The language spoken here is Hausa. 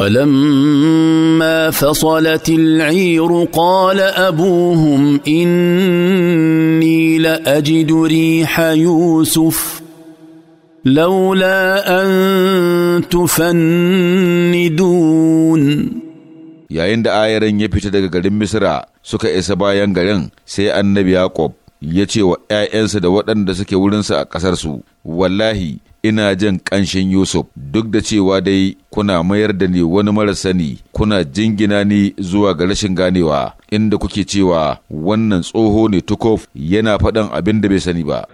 ولما فصلت العير قال ابوهم اني لاجد ريح يوسف لولا ان تفندون yayin da ayaran ya fita daga garin misra suka isa bayan garin sai annabi yaƙob ya ce wa ‘ya'yansa da waɗanda suke wurinsa a ƙasarsu wallahi ina jin ƙanshin Yusuf duk da cewa dai kuna mayar da ni wani mara sani kuna jingina ni zuwa ga rashin ganewa inda kuke cewa wannan tsoho ne tukof yana faɗan abin da bai sani ba.